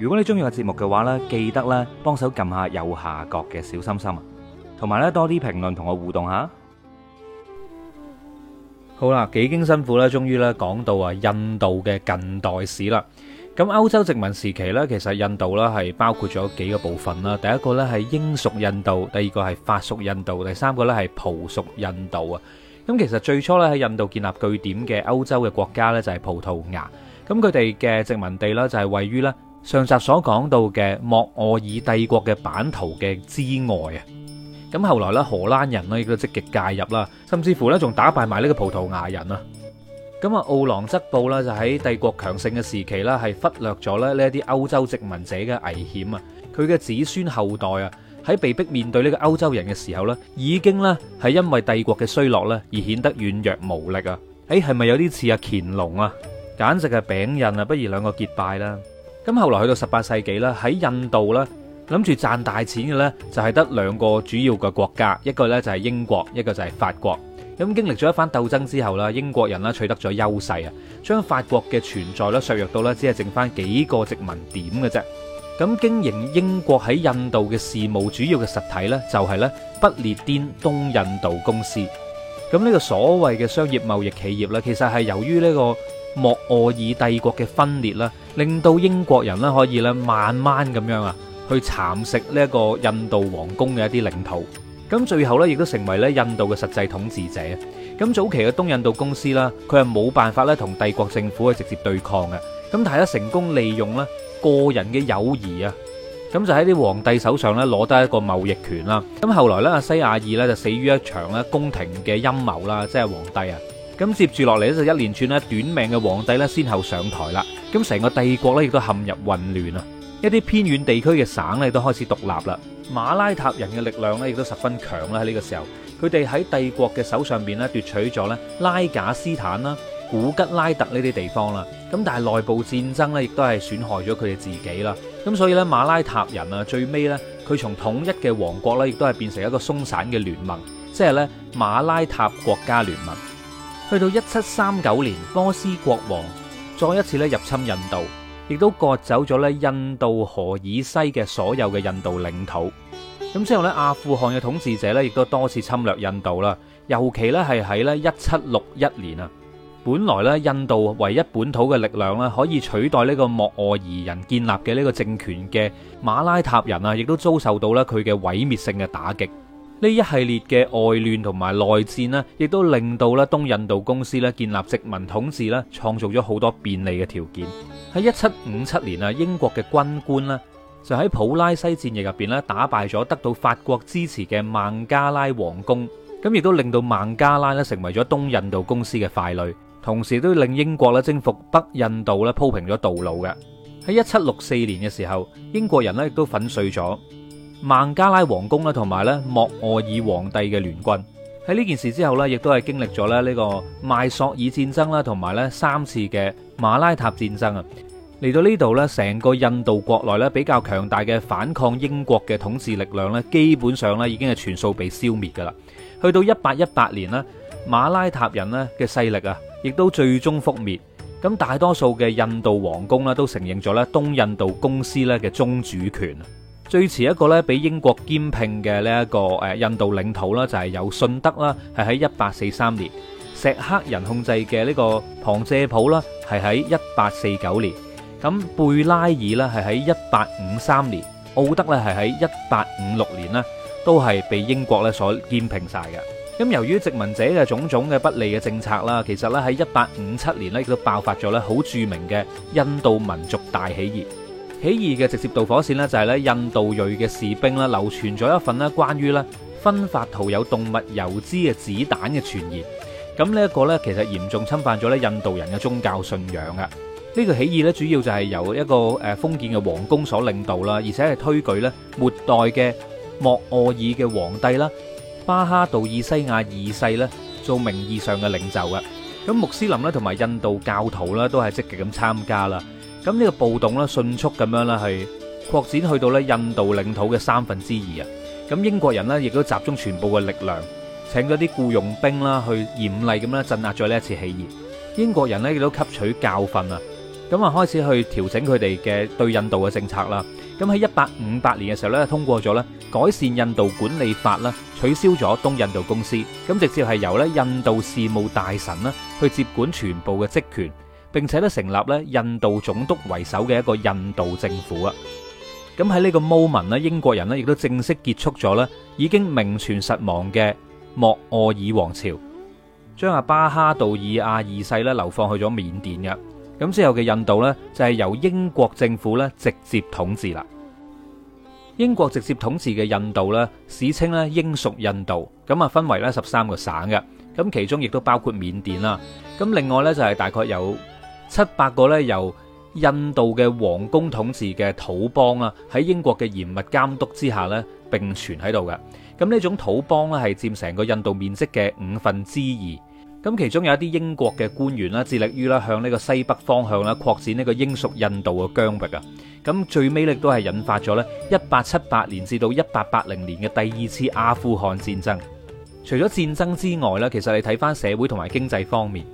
如果你中意嘅節目嘅話呢，記得咧幫手撳下右下角嘅小心心啊，同埋咧多啲評論同我互動下。好啦，幾經辛苦呢，終於咧講到啊，印度嘅近代史啦。咁歐洲殖民時期呢，其實印度呢係包括咗幾個部分啦。第一個呢係英屬印度，第二個係法屬印度，第三個呢係葡屬印度啊。咁其實最初呢，喺印度建立據點嘅歐洲嘅國家呢，就係葡萄牙。咁佢哋嘅殖民地呢，就係位於呢。上集所講到嘅莫卧爾帝國嘅版圖嘅之外啊，咁後來咧荷蘭人呢亦都積極介入啦，甚至乎咧仲打敗埋呢個葡萄牙人啊。咁啊，奧朗則布呢就喺帝國強盛嘅時期呢，係忽略咗咧呢啲歐洲殖民者嘅危險啊。佢嘅子孫後代啊，喺被逼面對呢個歐洲人嘅時候呢，已經咧係因為帝國嘅衰落咧而顯得軟弱無力啊。誒、哎，係咪有啲似阿乾隆啊？簡直係餅印啊！不如兩個結拜啦～咁後來去到十八世紀咧，喺印度咧，諗住賺大錢嘅呢，就係得兩個主要嘅國家，一個呢就係英國，一個就係法國。咁經歷咗一番鬥爭之後呢，英國人呢取得咗優勢啊，將法國嘅存在呢削弱到呢，只係剩返幾個殖民點嘅啫。咁經營英國喺印度嘅事務主要嘅實體呢，就係呢不列顛東印度公司。咁呢個所謂嘅商業貿易企業呢，其實係由於呢個，莫臥爾帝國嘅分裂啦，令到英國人咧可以咧慢慢咁樣啊，去蠶食呢一個印度皇宮嘅一啲領土。咁最後呢，亦都成為咧印度嘅實際統治者。咁早期嘅東印度公司啦，佢係冇辦法咧同帝國政府去直接對抗嘅。咁但係成功利用咧個人嘅友誼啊，咁就喺啲皇帝手上咧攞得一個貿易權啦。咁後來咧，阿西亞爾呢就死於一場咧宮廷嘅陰謀啦，即係皇帝啊。咁接住落嚟咧，就一連串咧短命嘅皇帝咧，先後上台啦。咁成個帝國咧，亦都陷入混亂啦。一啲偏遠地區嘅省咧，都開始獨立啦。馬拉塔人嘅力量咧，亦都十分強啦。喺呢個時候，佢哋喺帝國嘅手上邊咧奪取咗咧拉賈斯坦啦、古吉拉特呢啲地方啦。咁但係內部戰爭咧，亦都係損害咗佢哋自己啦。咁所以咧，馬拉塔人啊，最尾咧佢從統一嘅王國咧，亦都係變成一個鬆散嘅聯盟，即係咧馬拉塔國家聯盟。去到一七三九年，波斯國王再一次咧入侵印度，亦都割走咗咧印度河以西嘅所有嘅印度領土。咁之後咧，阿富汗嘅統治者咧亦都多次侵略印度啦。尤其咧係喺咧一七六一年啊，本來咧印度唯一本土嘅力量咧可以取代呢個莫臥兒人建立嘅呢個政權嘅馬拉塔人啊，亦都遭受到咧佢嘅毀滅性嘅打擊。呢一系列嘅外亂同埋內戰呢亦都令到咧東印度公司咧建立殖民統治咧，創造咗好多便利嘅條件。喺一七五七年啊，英國嘅軍官咧就喺普拉西戰役入邊咧打敗咗得到法國支持嘅孟加拉王公，咁亦都令到孟加拉咧成為咗東印度公司嘅傀儡，同時都令英國咧征服北印度咧鋪平咗道路嘅。喺一七六四年嘅時候，英國人咧亦都粉碎咗孟加拉王公啦，同埋咧莫臥爾皇帝嘅聯軍。喺呢件事之後咧，亦都係經歷咗咧呢個邁索爾戰爭啦，同埋咧三次嘅馬拉塔戰爭啊。嚟到呢度咧，成個印度國內咧比較強大嘅反抗英國嘅統治力量咧，基本上咧已經係全數被消滅噶啦。去到一八一八年咧，馬拉塔人咧嘅勢力啊，亦都最終覆滅。咁大多數嘅印度王公咧都承認咗咧東印度公司咧嘅宗主權。最遲一個咧，俾英國兼併嘅呢一個誒印度領土啦，就係由信德啦，係喺一八四三年，錫克人控制嘅呢個旁遮普啦，係喺一八四九年，咁貝拉爾啦係喺一八五三年，奧德咧係喺一八五六年啦，都係被英國咧所兼併曬嘅。咁由於殖民者嘅種種嘅不利嘅政策啦，其實咧喺一八五七年咧，亦都爆發咗咧好著名嘅印度民族大起義。起義嘅直接導火線咧就係咧印度裔嘅士兵啦，流傳咗一份咧關於咧分發塗有動物油脂嘅子彈嘅傳言。咁呢一個咧其實嚴重侵犯咗咧印度人嘅宗教信仰啊！呢個起義咧主要就係由一個誒封建嘅皇宮所領導啦，而且係推舉咧末代嘅莫卧爾嘅皇帝啦巴哈杜爾西亞二世咧做名義上嘅領袖嘅。咁穆斯林咧同埋印度教徒啦都係積極咁參加啦。咁呢個暴動咧，迅速咁樣咧，係擴展去到咧印度領土嘅三分之二啊！咁英國人咧，亦都集中全部嘅力量，請咗啲僱傭兵啦，去嚴厲咁樣鎮壓咗呢一次起義。英國人咧亦都吸取教訓啊，咁啊開始去調整佢哋嘅對印度嘅政策啦。咁喺一八五八年嘅時候咧，通過咗咧改善印度管理法啦，取消咗東印度公司，咁直接係由咧印度事務大臣啦去接管全部嘅職權。並且咧成立咧印度總督為首嘅一個印度政府啊！咁喺呢個 moment，英國人咧亦都正式結束咗咧已經名存實亡嘅莫卧爾王朝，將阿巴哈杜爾亞二世咧流放去咗緬甸嘅。咁之後嘅印度咧就係由英國政府咧直接統治啦。英國直接統治嘅印度咧史稱咧英屬印度，咁啊分為咧十三個省嘅。咁其中亦都包括緬甸啦。咁另外呢，就係大概有七百個咧由印度嘅王公統治嘅土邦啦，喺英國嘅嚴密監督之下咧並存喺度嘅。咁呢種土邦咧係佔成個印度面積嘅五分之二。咁其中有一啲英國嘅官員啦，致力於咧向呢個西北方向咧擴展呢個英屬印度嘅疆域啊。咁最尾亦都係引發咗咧一八七八年至到一八八零年嘅第二次阿富汗戰爭。除咗戰爭之外咧，其實你睇翻社會同埋經濟方面。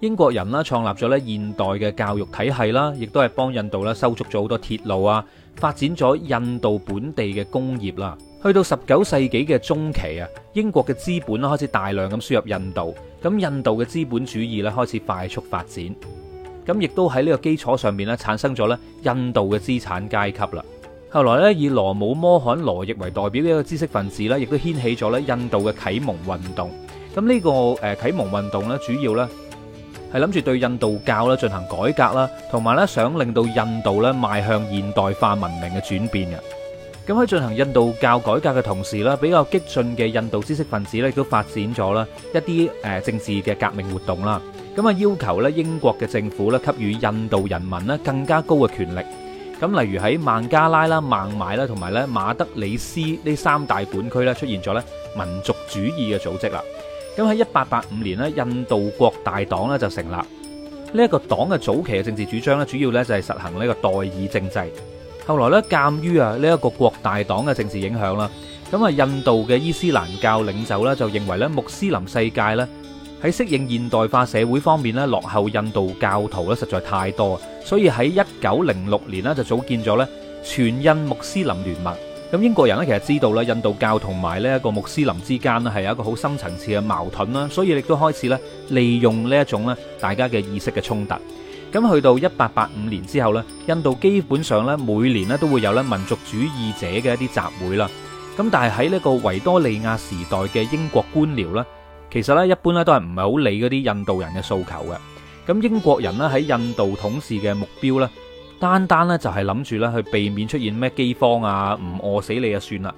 英國人啦創立咗咧現代嘅教育體系啦，亦都係幫印度啦修築咗好多鐵路啊，發展咗印度本地嘅工業啦。去到十九世紀嘅中期啊，英國嘅資本啦開始大量咁輸入印度，咁印度嘅資本主義咧開始快速發展，咁亦都喺呢個基礎上面咧產生咗咧印度嘅資產階級啦。後來咧以羅姆、摩罕、羅伊為代表嘅一個知識分子咧，亦都掀起咗咧印度嘅啟蒙運動。咁、這、呢個誒啟蒙運動咧主要咧。係諗住對印度教啦進行改革啦，同埋咧想令到印度咧邁向現代化文明嘅轉變嘅。咁喺進行印度教改革嘅同時咧，比較激進嘅印度知識分子咧都發展咗啦一啲誒政治嘅革命活動啦。咁啊要求咧英國嘅政府咧給予印度人民咧更加高嘅權力。咁例如喺孟加拉啦、孟買啦同埋咧馬德里斯呢三大本區咧出現咗咧民族主義嘅組織啦。咁喺一八八五年呢，印度國大黨呢就成立。呢一個黨嘅早期嘅政治主張呢，主要呢就係實行呢個代議政制。後來呢，鑑於啊呢一個國大黨嘅政治影響啦，咁啊印度嘅伊斯蘭教領袖呢，就認為呢，穆斯林世界呢，喺適應現代化社會方面呢，落後印度教徒呢，實在太多，所以喺一九零六年呢，就組建咗呢，全印穆斯林聯盟。咁英國人咧其實知道印度教同埋呢一個穆斯林之間呢，係有一個好深層次嘅矛盾啦，所以亦都開始咧利用呢一種咧大家嘅意識嘅衝突。咁去到一八八五年之後呢，印度基本上咧每年咧都會有咧民族主義者嘅一啲集會啦。咁但係喺呢個維多利亞時代嘅英國官僚咧，其實咧一般咧都係唔係好理嗰啲印度人嘅訴求嘅。咁英國人呢喺印度統治嘅目標呢單單呢，就係諗住咧去避免出現咩饑荒啊，唔餓死你啊算啦，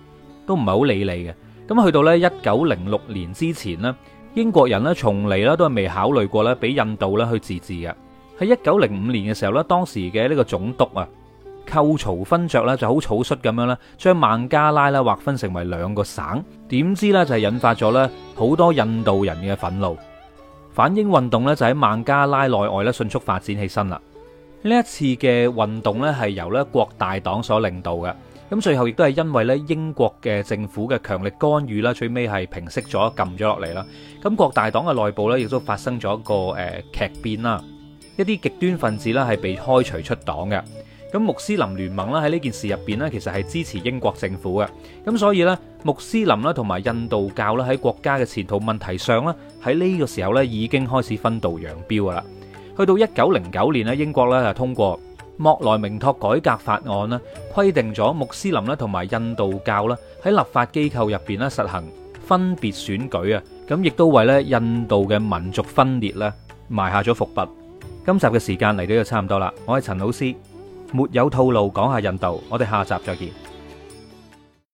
都唔係好理你嘅。咁去到呢，一九零六年之前呢，英國人呢從嚟呢都係未考慮過呢俾印度呢去自治嘅。喺一九零五年嘅時候呢，當時嘅呢個總督啊，寇松勳爵呢就好草率咁樣呢將孟加拉呢劃分成為兩個省。點知呢就係引發咗呢好多印度人嘅憤怒，反英運動呢，就喺孟加拉內外呢迅速發展起身啦。呢一次嘅運動咧，係由咧國大黨所領導嘅。咁最後亦都係因為咧英國嘅政府嘅強力干預啦，最尾係平息咗，撳咗落嚟啦。咁國大黨嘅內部呢，亦都發生咗一個誒劇、呃、變啦。一啲極端分子啦，係被開除出黨嘅。咁穆斯林聯盟啦，喺呢件事入邊呢，其實係支持英國政府嘅。咁所以呢，穆斯林啦同埋印度教啦，喺國家嘅前途問題上呢，喺呢個時候呢，已經開始分道揚鑣噶啦。去到一九零九年咧，英國咧就通過莫萊明託改革法案啦，規定咗穆斯林咧同埋印度教啦喺立法機構入邊咧實行分別選舉啊，咁亦都為咧印度嘅民族分裂咧埋下咗伏筆。今集嘅時間嚟到就差唔多啦，我係陳老師，沒有套路講下印度，我哋下集再見。